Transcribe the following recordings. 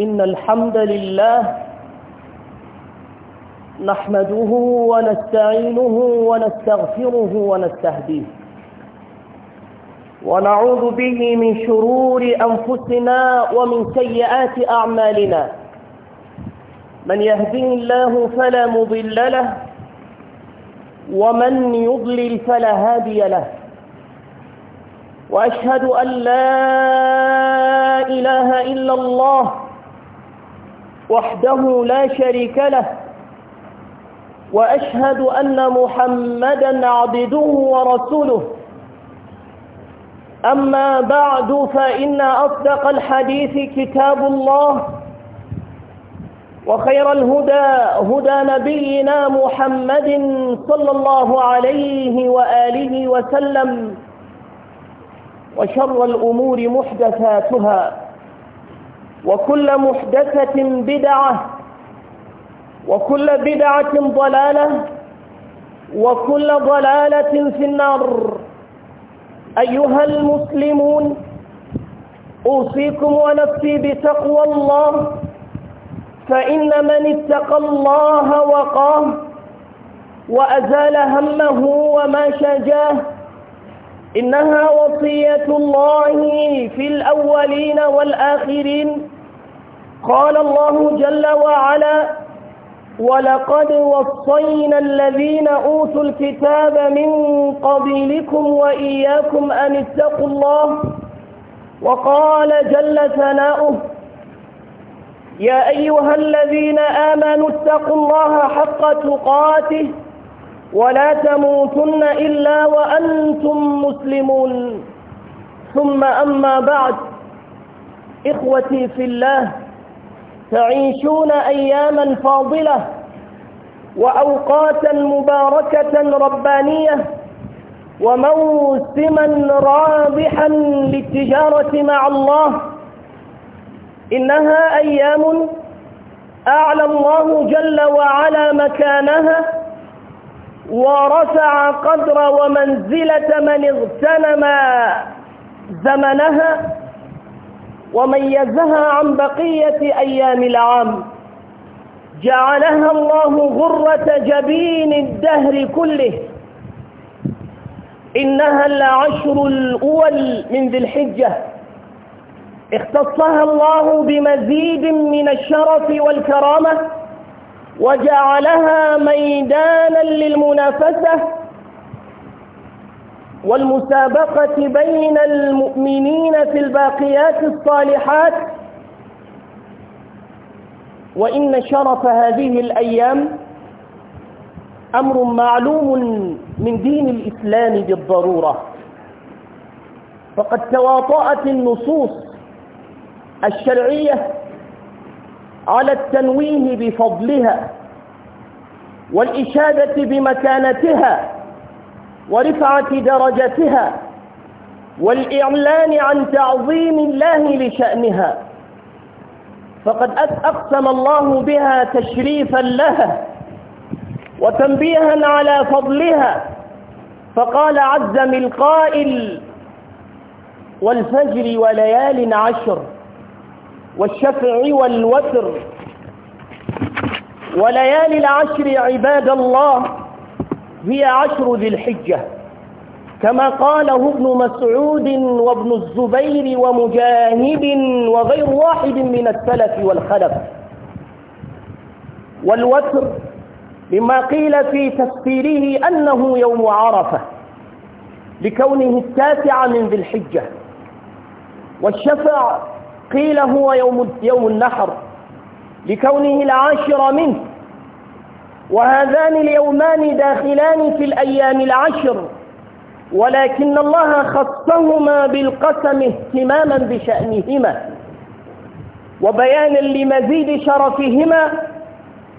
إن الحمد لله نحمده ونستعينه ونستغفره ونستهديه ونعوذ به من شرور أنفسنا ومن سيئات أعمالنا من يهدي الله فلا مضل له ومن يضلل فلا هادي له وأشهد أن لا إله إلا الله وحده لا شريك له وأشهد أن محمدا عبده ورسوله أما بعد فإن أصدق الحديث كتاب الله وخير الهدى هدى نبينا محمد صلى الله عليه وآله وسلم وشر الأمور محدثاتها وكل محدثة بدعة وكل بدعة ضلالة وكل ضلالة في النار أيها المسلمون أوصيكم ونفسي بتقوى الله فإن من اتقى الله وقاه وأزال همه وما شجاه إنها وصية الله في الأولين والآخرين قال الله جل وعلا ولقد وصينا الذين أوتوا الكتاب من قبلكم وإياكم أن اتقوا الله وقال جل ثناؤه يا أيها الذين آمنوا اتقوا الله حق تقاته ولا تموتن إلا وأنتم مسلمون ثم أما بعد إخوتي في الله تعيشون أياما فاضلة وأوقاتا مباركة ربانية وموسما رابحا للتجارة مع الله إنها أيام أعلى الله جل وعلا مكانها ورفع قدر ومنزلة من اغتنم زمنها وميزها عن بقية أيام العام جعلها الله غرة جبين الدهر كله إنها العشر الأول من ذي الحجة اختصها الله بمزيد من الشرف والكرامة وجعلها ميدانا للمنافسة والمسابقة بين المؤمنين في الباقيات الصالحات وإن شرف هذه الأيام أمر معلوم من دين الإسلام بالضرورة فقد تواطأت النصوص الشرعية على التنويه بفضلها والإشادة بمكانتها ورفعة درجتها والإعلان عن تعظيم الله لشأنها فقد أقسم الله بها تشريفا لها وتنبيها على فضلها فقال عز من القائل والفجر وليال عشر والشفع والوتر وليالي العشر عباد الله هي عشر ذي الحجة كما قاله ابن مسعود وابن الزبير ومجاهد وغير واحد من السلف والخلف والوتر مما قيل في تفسيره أنه يوم عرفة لكونه التاسع من ذي الحجة والشفع قيل هو يوم, يوم النحر لكونه العاشر منه وهذان اليومان داخلان في الأيام العشر ولكن الله خصهما بالقسم اهتماما بشأنهما وبيانا لمزيد شرفهما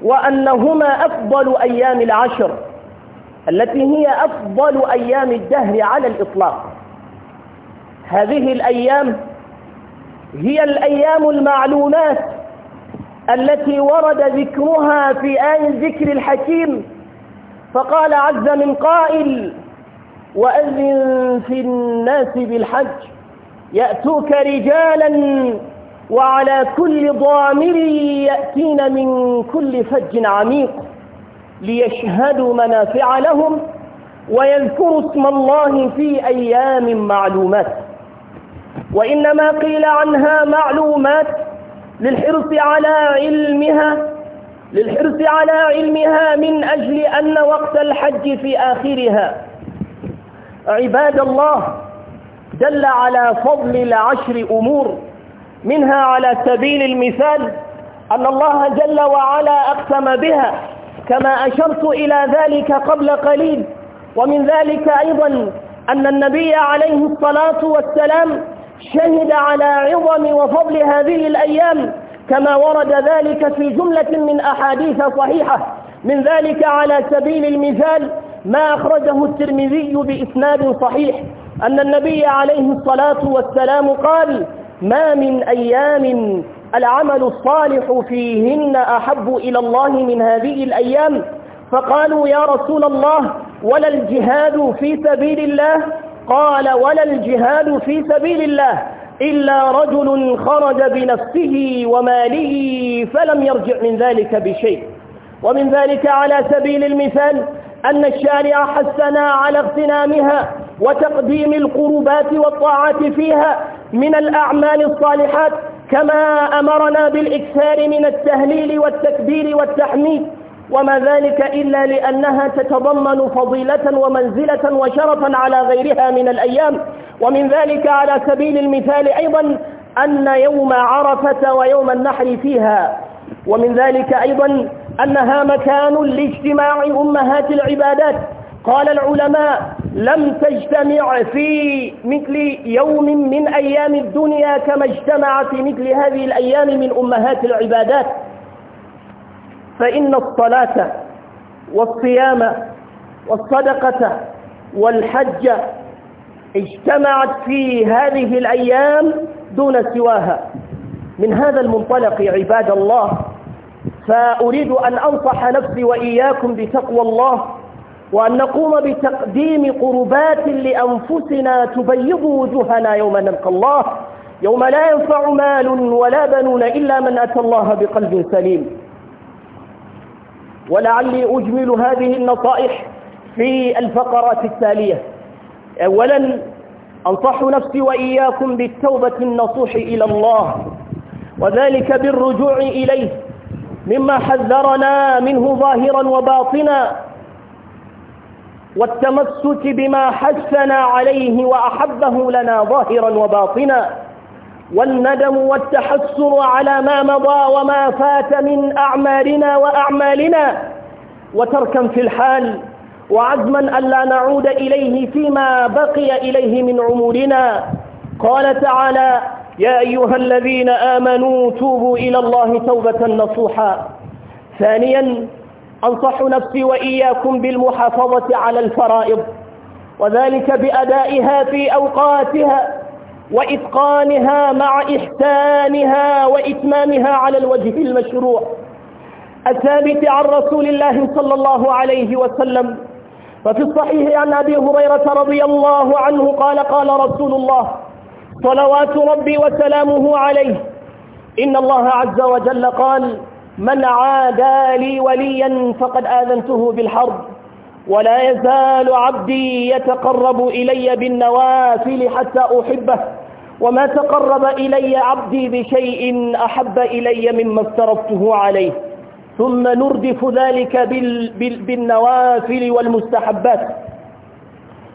وأنهما أفضل أيام العشر التي هي أفضل أيام الدهر على الإطلاق هذه الأيام هي الأيام المعلومات التي ورد ذكرها في آية الذكر الحكيم فقال عز من قائل وأذن في الناس بالحج يأتوك رجالا وعلى كل ضامر يأتين من كل فج عميق ليشهدوا منافع لهم ويذكروا اسم الله في أيام معلومات وإنما قيل عنها معلومات للحرص على علمها للحرص على علمها من أجل أن وقت الحج في آخرها عباد الله دل على فضل العشر أمور منها على سبيل المثال أن الله جل وعلا أقسم بها كما أشرت إلى ذلك قبل قليل ومن ذلك أيضا أن النبي عليه الصلاة والسلام شهد على عظم وفضل هذه الأيام كما ورد ذلك في جملة من أحاديث صحيحة من ذلك على سبيل المثال ما أخرجه الترمذي بإسناد صحيح أن النبي عليه الصلاة والسلام قال ما من أيام العمل الصالح فيهن أحب إلى الله من هذه الأيام فقالوا يا رسول الله ولا الجهاد في سبيل الله قال ولا الجهاد في سبيل الله إلا رجل خرج بنفسه وماله فلم يرجع من ذلك بشيء ومن ذلك على سبيل المثال أن الشارع حثنا على اغتنامها وتقديم القربات والطاعات فيها من الأعمال الصالحات كما أمرنا بالإكثار من التهليل والتكبير والتحميد وما ذلك إلا لأنها تتضمن فضيلة ومنزلة وشرفا على غيرها من الأيام ومن ذلك على سبيل المثال أيضا أن يوم عرفة ويوم النحر فيها ومن ذلك أيضا أنها مكان لاجتماع أمهات العبادات قال العلماء لم تجتمع في مثل يوم من أيام الدنيا كما اجتمع في مثل هذه الأيام من أمهات العبادات فإن الصلاة والصيام والصدقة والحج اجتمعت في هذه الأيام دون سواها من هذا المنطلق عباد الله فأريد أن أنصح نفسي وإياكم بتقوى الله وأن نقوم بتقديم قربات لأنفسنا تبيض وجوهنا يوم نلقى الله يوم لا ينفع مال ولا بنون إلا من أتى الله بقلب سليم ولعلي أجمل هذه النصائح في الفقرات التالية أولا أنصح نفسي وإياكم بالتوبة النصوح إلى الله وذلك بالرجوع إليه مما حذرنا منه ظاهرا وباطنا والتمسك بما حثنا عليه وأحبه لنا ظاهرا وباطنا والندم والتحسر على ما مضى وما فات من أعمالنا وأعمالنا وتركا في الحال وعزما ألا نعود إليه فيما بقي إليه من عمرنا قال تعالى يا أيها الذين آمنوا توبوا إلى الله توبة نصوحا ثانيا أنصح نفسي وإياكم بالمحافظة على الفرائض وذلك بأدائها في أوقاتها وإتقانها مع إحسانها وإتمامها على الوجه المشروع الثابت عن رسول الله صلى الله عليه وسلم ففي الصحيح عن أبي هريرة رضي الله عنه قال قال رسول الله صلوات ربي وسلامه عليه إن الله عز وجل قال من عادى لي وليا فقد آذنته بالحرب ولا يزال عبدي يتقرب إلي بالنوافل حتى أحبه وما تقرب إلي عبدي بشيء أحب إلي مما افترضته عليه ثم نردف ذلك بال بال بالنوافل والمستحبات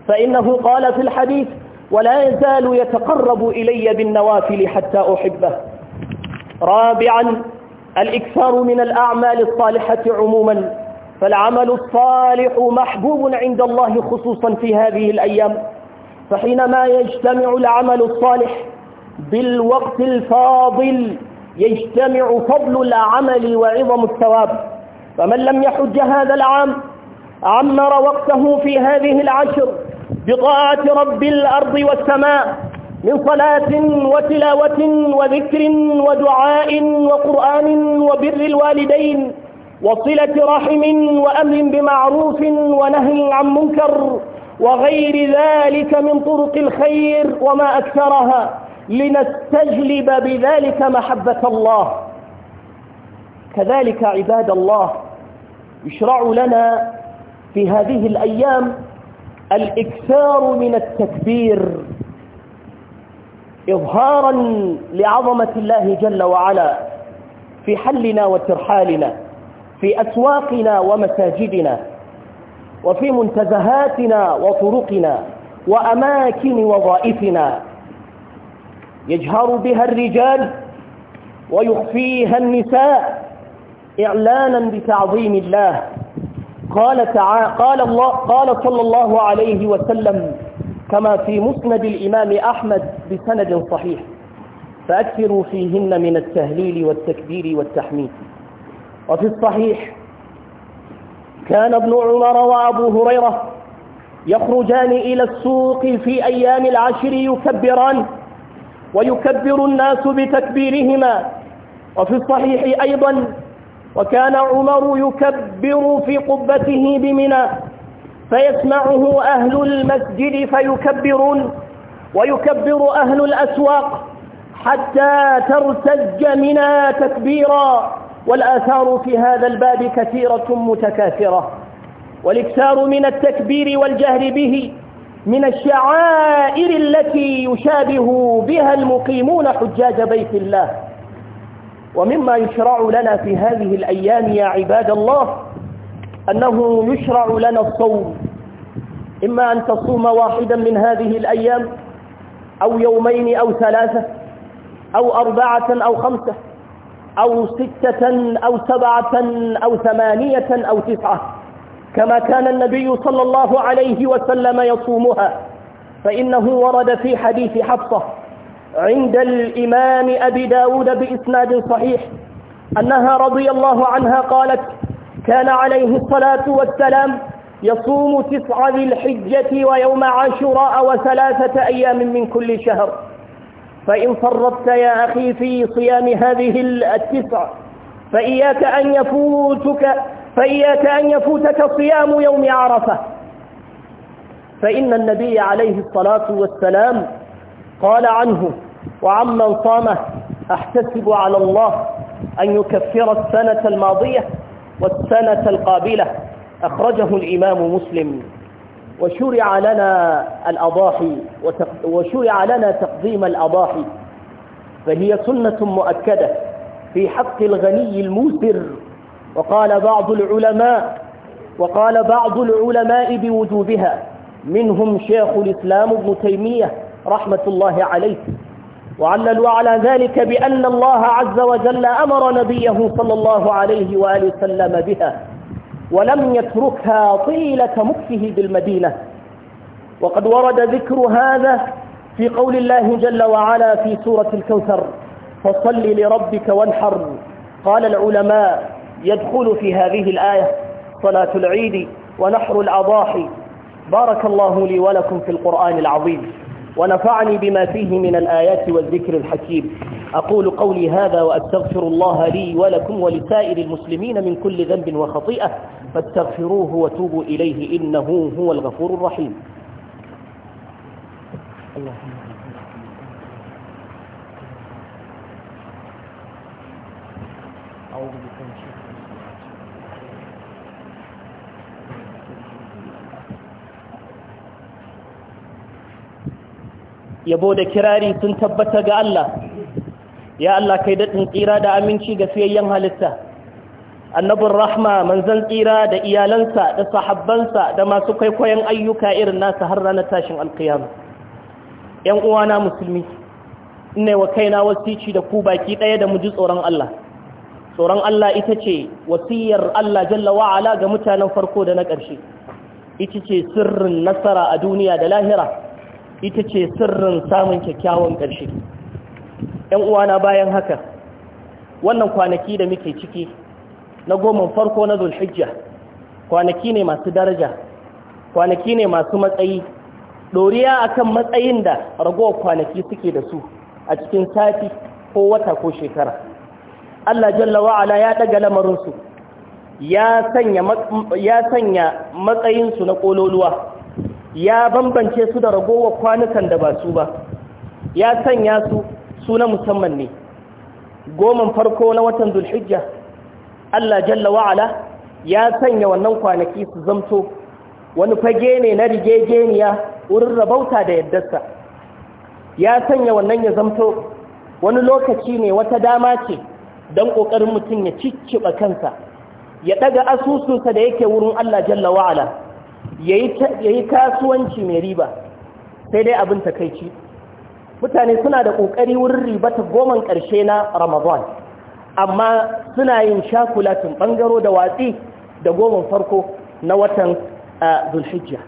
فإنه قال في الحديث ولا يزال يتقرب إلي بالنوافل حتى أحبه رابعا الإكثار من الأعمال الصالحة عموما فالعمل الصالح محبوب عند الله خصوصا في هذه الأيام فحينما يجتمع العمل الصالح بالوقت الفاضل يجتمع فضل العمل وعظم الثواب فمن لم يحج هذا العام عمر وقته في هذه العشر بطاعة رب الأرض والسماء من صلاة وتلاوة وذكر ودعاء وقرآن وبر الوالدين وصلة رحم وأمر بمعروف ونهي عن منكر وغير ذلك من طرق الخير وما أكثرها لنستجلب بذلك محبة الله كذلك عباد الله يشرع لنا في هذه الأيام الإكثار من التكبير إظهارا لعظمة الله جل وعلا في حلنا وترحالنا في أسواقنا ومساجدنا وفي منتزهاتنا وطرقنا وأماكن وظائفنا يجهر بها الرجال ويخفيها النساء إعلانا بتعظيم الله قال, تعا قال, الله قال صلى الله عليه وسلم كما في مسند الإمام أحمد بسند صحيح فأكثروا فيهن من التهليل والتكبير والتحميد وفي الصحيح كان ابن عمر وابو هريره يخرجان الى السوق في ايام العشر يكبران ويكبر الناس بتكبيرهما وفي الصحيح ايضا وكان عمر يكبر في قبته بمنى فيسمعه اهل المسجد فيكبرون ويكبر اهل الاسواق حتى ترتج منى تكبيرا والآثار في هذا الباب كثيرة متكاثرة والإكثار من التكبير والجهر به من الشعائر التي يشابه بها المقيمون حجاج بيت الله ومما يشرع لنا في هذه الأيام يا عباد الله أنه يشرع لنا الصوم إما أن تصوم واحدا من هذه الأيام أو يومين أو ثلاثة أو أربعة أو خمسة أو ستة أو سبعة أو ثمانية أو تسعة كما كان النبي صلى الله عليه وسلم يصومها فإنه ورد في حديث حفصة عند الإمام أبي داود بإسناد صحيح أنها رضي الله عنها قالت كان عليه الصلاة والسلام يصوم تسعة ذي الحجة ويوم عاشوراء وثلاثة أيام من كل شهر فإن فرطت يا أخي في صيام هذه التسع فإياك أن يفوتك فإياك أن يفوتك صيام يوم عرفة فإن النبي عليه الصلاة والسلام قال عنه وعمن صامه أحتسب على الله أن يكفر السنة الماضية والسنة القابلة أخرجه الإمام مسلم وشرع لنا الأضاحي وشرع لنا تقديم الأضاحي فهي سنة مؤكدة في حق الغني الموسر وقال بعض العلماء وقال بعض العلماء بوجوبها منهم شيخ الإسلام ابن تيمية رحمة الله عليه وعللوا على ذلك بأن الله عز وجل أمر نبيه صلى الله عليه وآله وسلم بها ولم يتركها طيلة مكته بالمدينة وقد ورد ذكر هذا في قول الله جل وعلا في سورة الكوثر فصل لربك وانحر قال العلماء يدخل في هذه الآية صلاة العيد ونحر الأضاحي بارك الله لي ولكم في القرآن العظيم ونفعني بما فيه من الآيات والذكر الحكيم أقول قولي هذا وأستغفر الله لي ولكم ولسائر المسلمين من كل ذنب وخطيئة فاستغفروه وتوبوا إليه إنه هو الغفور الرحيم اللهم أعوذ بك من الشيطان yabo da kirari sun tabbata ga Allah ya Allah kai daɗin tsira da aminci ga fiyayyen halitta annabin rahma manzan tsira da iyalansa da sahabbansa da masu kwaikwayon ayyuka irin nasa har ranar tashin alkiyama ‘yan uwana musulmi ina wa kaina wasici da ku baki ɗaya da mu ji tsoron Allah tsoron Allah ita ce wasiyar Allah jalla wa'ala ga mutanen farko da na ƙarshe ita ce sirrin nasara a duniya da lahira ita ce sirrin samun kyakkyawan ƙarshe ‘yan uwana bayan haka wannan kwanaki da muke ciki na goma farko na zulhijja kwanaki ne masu daraja kwanaki ne masu matsayi ɗoriya akan matsayin da ragowar kwanaki suke da su a cikin sati ko wata ko shekara Allah jalla wa'ala ya ɗaga lamarinsu ya sanya matsayinsu na ƙololuwa ya bambance su da ragowar kwanukan da ba su ba ya sanya su su musamman ne goman farko na watan zulhijja Allah jalla wa'ala ya sanya wannan kwanaki su zamto wani fage ne na rigegeniya wurin rabauta da yaddarsa ya sanya wannan ya zamto wani lokaci ne wata dama ce don ƙoƙarin mutum ya cicciɓa kansa ya ɗaga asusunsa da yake wurin Allah jalla wa'ala ya yi kasuwanci mai riba sai dai abin takaici mutane suna da ƙoƙari wurin riba ta goman ƙarshe na ramadan amma suna yin shakulatin ɓangaro da watsi da goma farko na watan zulhijjia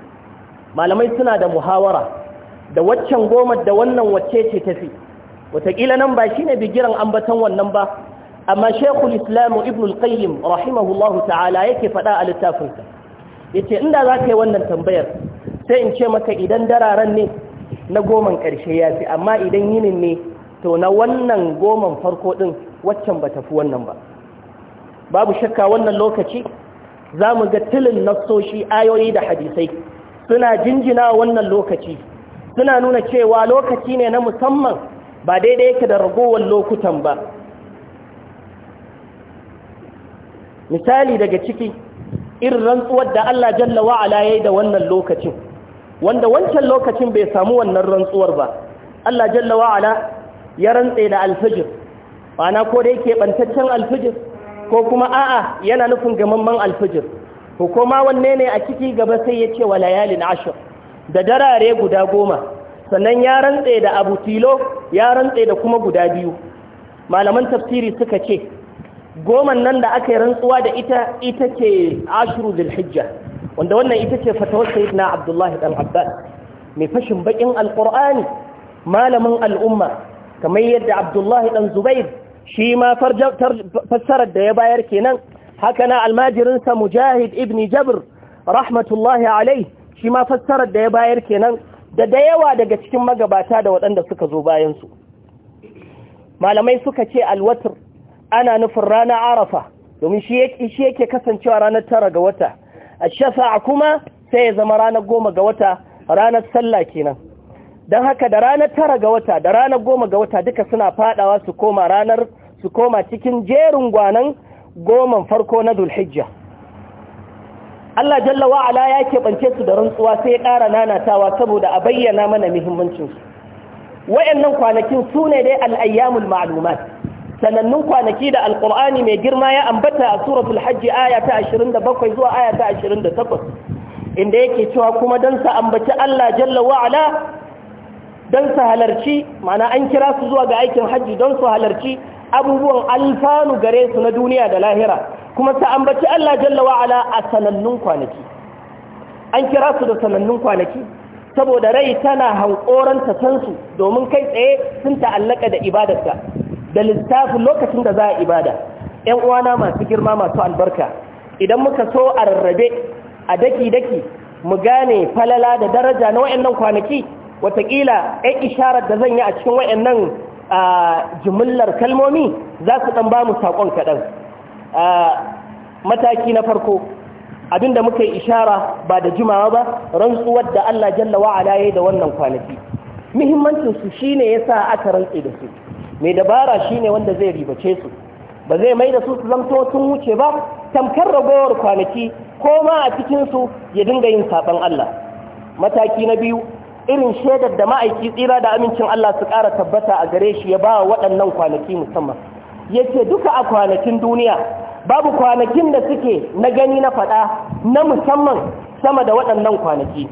malamai suna da muhawara da waccan goma da wannan wacce ce tafi wataƙila nan ba shi ne bigiran ambatan wannan ba amma shekul islamu ibn al-qayyim rahimahullahu ta'ala yake faɗa a littafinsa yace inda za ka yi wannan tambayar sai in ce maka idan dararen ne na goman ƙarshe ya fi amma idan yin ne to na wannan goman farko din waccan ba tafi wannan ba babu shakka wannan lokaci za mu ga tilin nassoshi ayoyi da hadisai suna jinjina wannan lokaci suna nuna cewa lokaci ne na musamman ba daidai yake da ragowar lokutan ba misali daga ciki irin rantsuwar da Allah jalla wa'ala ya yi da wannan lokacin wanda wancan lokacin bai samu wannan rantsuwar ba Allah jalla wa'ala ya rantse da alfijir ana ko yake bantaccen alfijir ko kuma a'a yana nufin gamamman alfijir ko kuma wanne ne a ciki gaba sai ya ce wa layalin ashir da darare guda goma sannan ya rantse da abu tilo ya rantse da kuma guda biyu malaman tafsiri suka ce goman nan da aka yi rantsuwa da ita ita ce ashiru zulhijja wanda wannan ita ce fatawar na abdullahi dan mai fashin baƙin alƙur'ani malamin al'umma kamar yadda abdullahi ɗan zubair shi ma fassarar da ya bayar kenan haka na almajirinsa mujahid ibn jabr rahmatullahi alai shi ma fassarar da ya bayar kenan da da yawa daga cikin magabata da waɗanda suka zo bayansu malamai suka ce alwatar ana nufin ranar arafa domin shi yake kasancewa ranar tara ga wata a shafa'a kuma sai ya zama ranar goma ga wata ranar sallah kenan don haka da ranar tara ga wata da ranar goma ga wata duka suna fadawa su koma ranar su koma cikin jerin gwanan goman farko na dulhijja Allah jalla Ala ya keɓance su da rantsuwa sai ya ƙara nanatawa saboda a bayyana mana muhimmancinsu wa'annan kwanakin su ne dai al'ayyamul ma'lumat sanannun kwanaki da alkur'ani mai girma ya ambata a suratul hajji aya ta 27 zuwa aya ta 28 inda yake cewa kuma don sa ambaci Allah jalla wa'ala don sa halarci mana an kira su zuwa ga aikin hajji don su halarci abubuwan alfanu gare su na duniya da lahira kuma sa ambaci Allah jalla wa'ala a sanannun kwanaki an kira su da sanannun kwanaki saboda rai tana hankoran ta san su domin kai tsaye sun ta'allaka da ibadarta da lissafin lokacin da za a ibada ‘yan uwana masu girma masu albarka idan muka so a rarrabe a daki-daki mu gane falala da daraja na wayannan kwanaki watakila ‘yan isharar da zan yi a cikin wayannan jimillar kalmomi za su ɗan ba mu saƙon kaɗan mataki na farko abinda muka yi ishara ba da jimawa ba rantsuwar da Allah jalla wa'ala ya da wannan kwanaki muhimmancin su shine yasa aka rantse da su mai dabara shine wanda zai ribace su ba zai mai da su su zamto sun wuce ba tamkar ragowar kwanaki ko ma a cikinsu ya dinga yin saɓon Allah mataki na biyu irin shaidar da ma'aiki tsira da amincin Allah su ƙara tabbata a gare shi ya ba wa waɗannan kwanaki musamman yake duka a kwanakin duniya babu kwanakin da suke na gani na faɗa na musamman sama da waɗannan kwanaki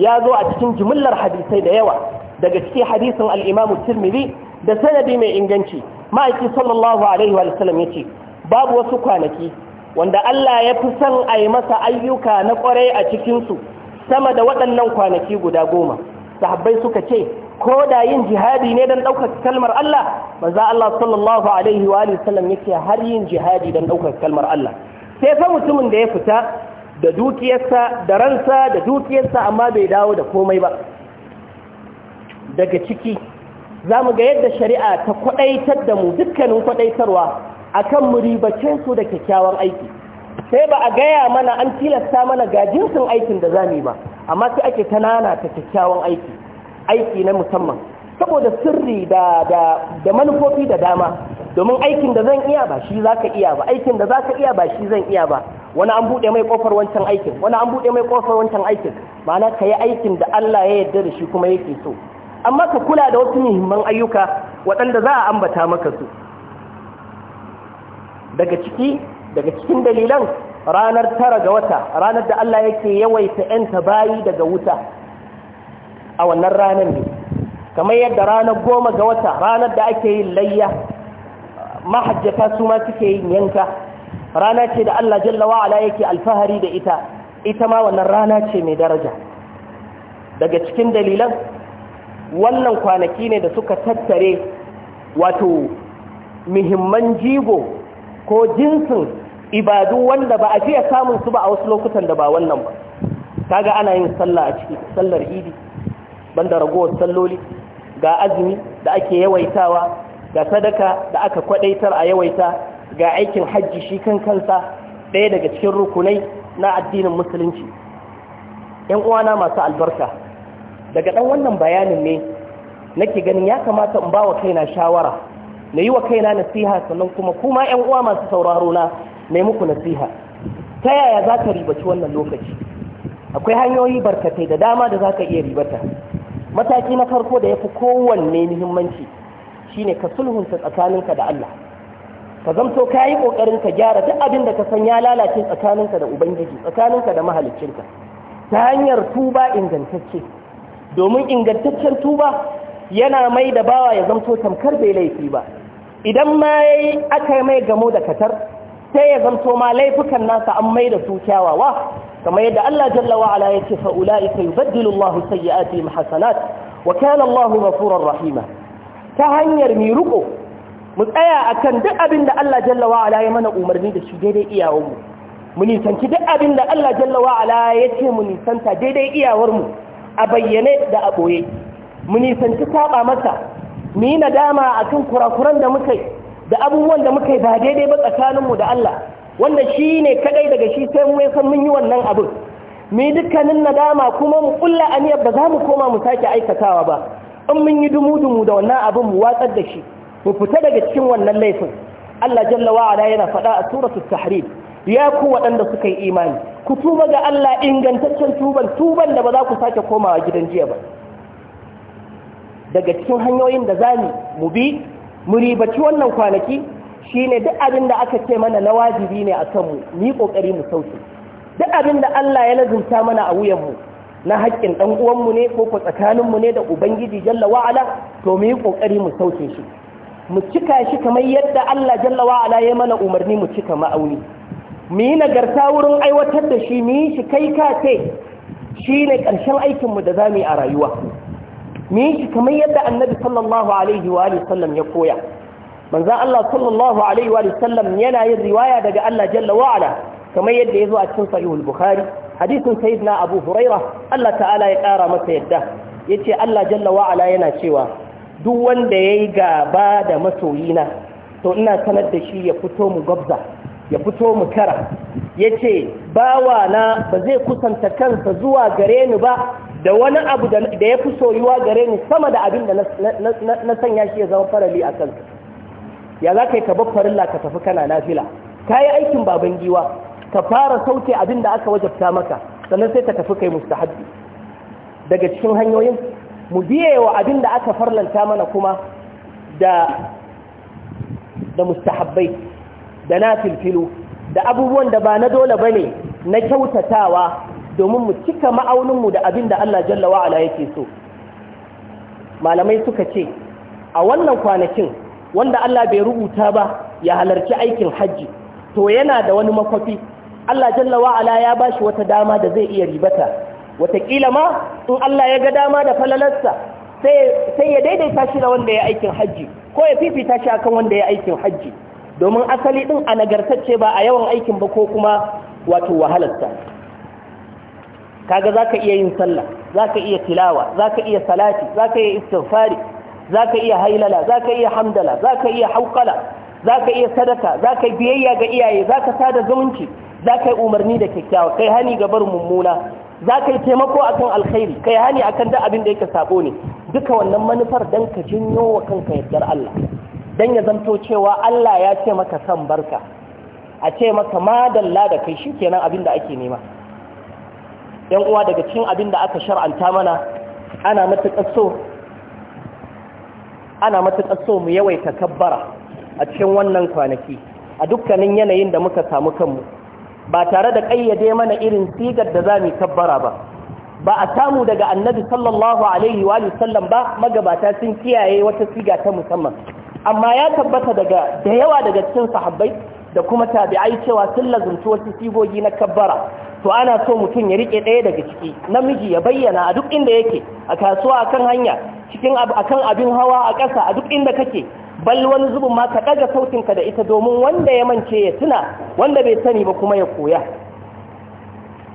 ya zo a cikin jimillar hadisai da yawa daga cikin hadisin al'imamu tirmidhi da sanadi mai inganci ma'aiki sallallahu alaihi wa ya yace babu wasu kwanaki wanda Allah ya fi son a yi masa ayyuka na kwarai a cikinsu sama da waɗannan kwanaki guda goma sahabbai suka ce ko da yin jihadi ne don ɗaukar kalmar Allah manzo Allah sallallahu alaihi wa sallam yake har yin jihadi don ɗaukar kalmar Allah sai fa mutumin da ya fita da dukiyarsa da ransa da dukiyarsa amma bai dawo da komai ba daga ciki za mu ga yadda shari'a ta kwaɗaitar da mu dukkanin kwaɗaitarwa a kan muribace su da kyakkyawan aiki sai ba a gaya mana an tilasta mana ga jinsin aikin da za mu yi ba amma sai ake kanana ta kyakkyawan aiki aiki na musamman saboda sirri da, da manufofi da dama domin aikin da zan iya ba shi za ka iya ba aikin da za ka iya ba shi zan iya ba wani an buɗe mai ƙofar wancan aikin wani an buɗe mai ƙofar wancan aikin ma'ana ka yi aikin da Allah ya yarda da shi kuma yake so amma ka kula da wasu muhimman ayyuka waɗanda za a ambata maka su daga ciki daga cikin dalilan ranar tara ga wata ranar da Allah yake yawaita 'yanta bayi daga wuta a wannan ranar ne kamar yadda ranar goma ga wata ranar da ake yin layya mahajjata su ma suke yin yanka rana ce da Allah jalla ala yake alfahari da ita ita ma wannan rana ce mai daraja daga cikin dalilan wannan kwanaki ne da suka tattare wato muhimman jigo ko jinsin ibadu wanda ba a fiye samun su ba a wasu lokutan da ba wannan ba kaga ana yin sallah a ciki sallar idi banda ragowar salloli ga azumi da ake yawaitawa ga sadaka da aka kwadaitar a yawaita ga aikin hajji shi kan kansa ɗaya daga cikin rukunai na addinin musulunci ‘yan uwana masu albarka daga ɗan wannan bayanin ne nake ganin ya kamata in ba wa kaina shawara na yi wa kaina nasiha sannan kuma kuma 'yan uwa masu sauraro na mai muku nasiha ta yaya za ka ribaci wannan lokaci akwai hanyoyi barkatai da dama da za ka iya ribata mataki na farko da ya fi kowanne muhimmanci shine ka sulhunta tsakaninka da Allah ka zamto ka yi kokarin ka gyara duk abin da ka san ya lalace tsakaninka da ubangiji tsakaninka da mahaliccinka ta hanyar tuba ingantacce domin ingantaccen tuba yana mai da bawa ya zamto tamkar bai laifi ba idan ma yayi aka mai gamo da katar sai ya zamto ma laifukan nasa an mai da su kyawawa kamar yadda Allah jalla wa ala yake fa ulaika yubaddilu Allahu sayyi'atihim hasanat wa kana Allahu ghafurur rahima ta hanyar mi ruko mu tsaya akan duk abin Allah jalla wa ala ya mana umarni da shi daidai iyawarmu mu nisanci duk Allah jalla wa ala ya ce mu nisanta daidai iyawarmu a bayyane da a ɓoye mu nisanci saba masa mu yi nadama a kan kurakuran da muka yi da abubuwan da muka yi ba daidai ba tsakaninmu da Allah wanda shi ne kaɗai daga shi sai mu san mun yi wannan abin mu yi dukkanin nadama kuma mu kulla aniyar ba za mu koma mu sake aikatawa ba in mun yi dumu-dumu da wannan abin mu watsar da shi mu fita daga cikin wannan laifin Allah jalla wa'ala yana faɗa a suratul tahrim ya ku waɗanda suka yi imani ku tuba ga Allah ingantaccen tuban tuban da ba za ku sake komawa gidan jiya ba daga cikin hanyoyin da za mu bi mu ribaci wannan kwanaki shine duk abin da aka ce mana na wajibi ne a kanmu mu yi ƙoƙari mu sauke duk abin da Allah ya lazumta mana a wuyan mu na haƙƙin ɗan uwanmu ne ko ko tsakaninmu ne da ubangiji jalla wa'ala to mu yi ƙoƙari mu sauke shi mu cika shi kamar yadda Allah jalla wa'ala ya mana umarni mu cika ma'auni mu yi nagarta wurin aiwatar da shi mu yi shi kai ka ce shi ne ƙarshen aikinmu da za mu yi a rayuwa mu yi shi kamar yadda annabi sallallahu alaihi wa sallam ya koya manzan Allah sallallahu alaihi wa sallam yana yin riwaya daga Allah jalla wa'ala kamar yadda ya zo a cikin sahihul bukhari hadisin sayyidina abu huraira Allah ta'ala ya ƙara masa yadda yace Allah jalla wa'ala yana cewa duk wanda yayi gaba da masoyina to ina sanar da shi ya fito mu gabza ya fito mu kara ya ce bawa na ba zai kusanta kansa zuwa gare ni ba da wani abu da ya fi soyuwa gare ni sama da abin da na sanya shi ya zama farali a kansa ya za ka yi kabar farilla ka tafi kana nafila ka yi aikin baban giwa ka fara sauke abin da aka wajabta maka sannan sai ka tafi kai mustahabbi daga cikin hanyoyin mu biye wa abin da aka farlanta mana kuma da mustahabbai da na filfilu da abubuwan da ba na dole ba ne na kyautatawa domin mu cika ma'auninmu da abin da Allah jalla wa'ala yake so malamai suka ce a wannan kwanakin wanda Allah bai rubuta ba ya halarci aikin hajji to yana da wani makwafi Allah jalla wa'ala ya bashi wata dama da zai iya ribata wataƙila ma in Allah ya ga dama da falalarsa sai ya daidaita shi da wanda ya aikin hajji ko ya fifita shi akan wanda ya aikin hajji domin asali ɗin a nagartacce ba a yawan aikin ba ko kuma wato wahalarsa kaga zaka iya yin sallah zaka iya tilawa zaka iya salati zaka iya istighfari zaka iya hailala zaka iya hamdala zaka iya hauqala zaka iya sadaka zaka biyayya ga iyaye zaka sada zumunci zaka yi umarni da kyakkyawa kai hani ga bar mummuna zaka yi taimako akan alkhairi kai hani akan da abin da yake sabo ne duka wannan manufar dan ka jinyo wa kanka yardar Allah don ya zanto cewa Allah ya ce maka san barka a ce maka madalla da kai shi kenan abin da ake nema ‘yan uwa daga cin abin da aka shar'anta mana ana matuƙar so ana matuƙar so mu yawaita kabbara a cikin wannan kwanaki a dukkanin yanayin da muka samu kanmu ba tare da ƙayyade mana irin sigar da za mu kabbara ba ba a samu daga annabi sallallahu alaihi wa sallam ba magabata sun kiyaye wata siga ta musamman amma ya tabbata daga da yawa daga cikin sahabbai da kuma tabi'ai cewa sun lazumci wasu sigogi na kabbara to ana so mutum ya rike ɗaya daga ciki namiji ya bayyana a duk inda yake a kasuwa akan hanya cikin akan abin hawa a ƙasa a duk inda kake bal wani zubin ma ka ɗaga sautinka da ita domin wanda ya mance ya tuna wanda bai sani ba kuma ya koya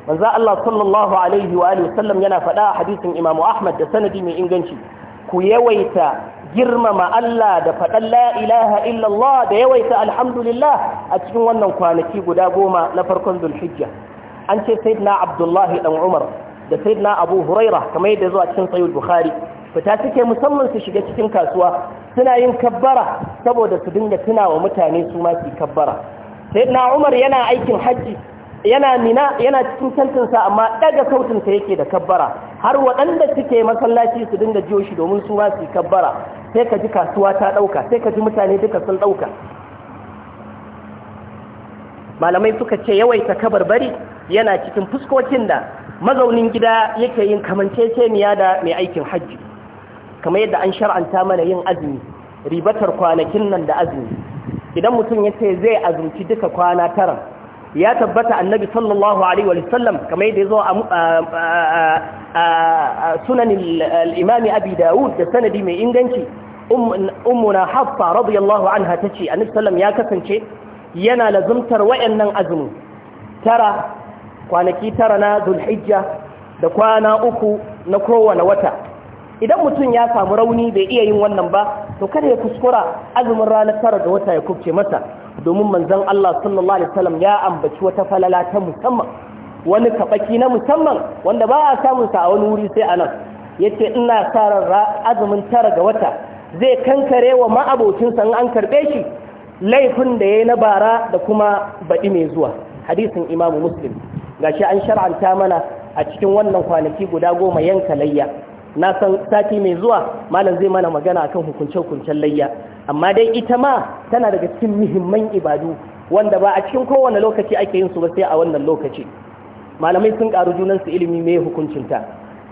manzo Allah sallallahu alaihi wa alihi sallam yana faɗa a hadisin Imam Ahmad da sanadi mai inganci ku yawaita girmama Allah da faɗan la ilaha illallah da yawaita alhamdulillah a cikin wannan kwanaki guda goma na farkon zulhijja an ce na abdullahi dan umar da na abu huraira kamar yadda zuwa cikin tsayu bukhari fita suke musamman su shiga cikin kasuwa suna yin kabbara saboda su dinga tunawa mutane su ma su kabbara na umar yana aikin hajji yana nina, yana cikin kantinsa, amma daga sautinsa yake da kabbara har waɗanda suke masallaci su dinga jiyo shi domin su ma su kabbara sai ka ji kasuwa ta ɗauka sai ka ji mutane duka sun ɗauka malamai suka ce yawaita kabarbari yana cikin fuskokin da mazaunin gida yake yin kamanceceniya da mai aikin hajji kamar yadda an shar'anta mana yin azumi ribatar kwanakin nan da azumi idan mutum ya ce zai azumci duka kwana tara ya tabbata annabi sallallahu alaihi wa sallam kamar yadda yazo a sunan al-imam abi daud da sanadi mai inganci um, ummuna hafsa radiyallahu anha tace annabi sallam ya kasance yana lazumtar wayannan azumi tara kwanaki tara na dhulhijja da kwana uku na kowane wata idan mutum ya samu rauni bai iya yin wannan ba to kada ya kuskura azumin ranar tara da wata ya kubce masa domin manzon Allah sallallahu alaihi wasallam ya ambaci wata falala ta musamman wani kaɓaki na musamman wanda ba a samun sa a wani wuri sai ya ce ina sa ran azumin tara ga wata zai kankare wa ma'abocinsa san an karɓe shi laifin da ya yi na bara da kuma baɗi mai zuwa hadisin imamu Muslim gashi an shar'anta mana a cikin wannan kwanaki guda goma yanka layya na san sati mai zuwa malam zai mana magana akan hukunce-hukuncen layya amma dai ita ma tana daga cikin muhimman ibadu wanda ba a cikin kowane lokaci ake yin su ba sai a wannan lokaci malamai sun karu junan su ilimi mai hukuncinta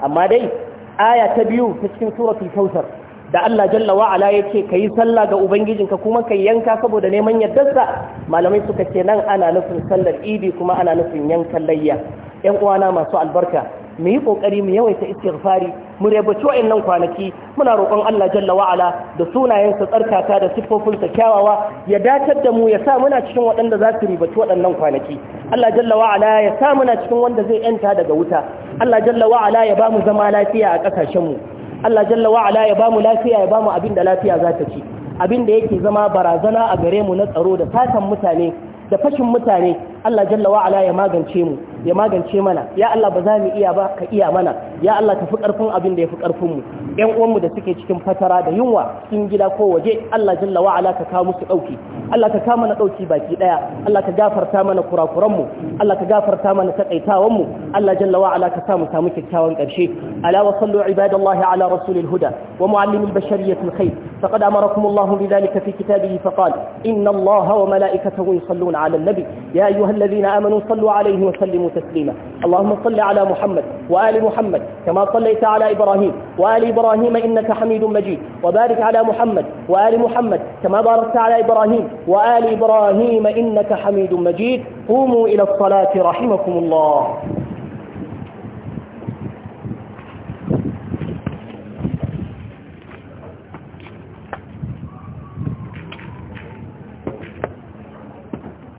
amma dai aya ta biyu ta cikin suratul kautsar da Allah jalla wa ala yace kai sallah ga ubangijinka kuma kai yanka saboda neman yaddarsa malamai suka ce nan ana nufin sallar idi kuma ana nufin yankan layya ƴan uwana masu albarka mu yi ƙoƙari mu yawaita istighfari mu rebaci wa'annan kwanaki muna roƙon Allah jalla wa'ala da sunayensa tsarkaka da siffofinsa kyawawa ya datar da mu ya sa muna cikin waɗanda za su ribaci waɗannan kwanaki Allah jalla wa'ala ya sa muna cikin wanda zai yanta daga wuta Allah jalla wa'ala ya bamu zama lafiya a ƙasashen mu Allah jalla wa'ala ya bamu lafiya ya bamu abin da lafiya za ta ci abin da yake zama barazana a gare mu na tsaro da fatan mutane da fashin mutane Allah jalla wa ala ya magance mu ya magance mana ya Allah ba za mu iya ba ka iya mana ya Allah tafi karfin abin da ya fi karfin mu ɗan uwanmu da suke cikin fatara da yunwa cikin gida ko waje Allah jalla wa ala ka kawo musu dauki Allah ka kawo mana dauki baki daya Allah ka gafarta mana kurakuran mu Allah ka gafarta mana takaitawan mu Allah jalla wa ala ka samu samu kyakkyawan karshe ala wa sallu ibadallahi ala rasulil huda wa muallimil bashariyyati al khair faqad amarakum Allah dhalika fi kitabihi faqal inna Allah wa malaikatahu yusalluna ala an-nabi ya ayyuhalladhina amanu sallu alayhi wa sallimu taslima Allahumma اللهم صل على محمد وآل محمد كما صليت على إبراهيم وآل إبراهيم إبراهيم إنك حميد مجيد وبارك على محمد وآل محمد كما باركت على إبراهيم وآل إبراهيم إنك حميد مجيد قوموا إلى الصلاة رحمكم الله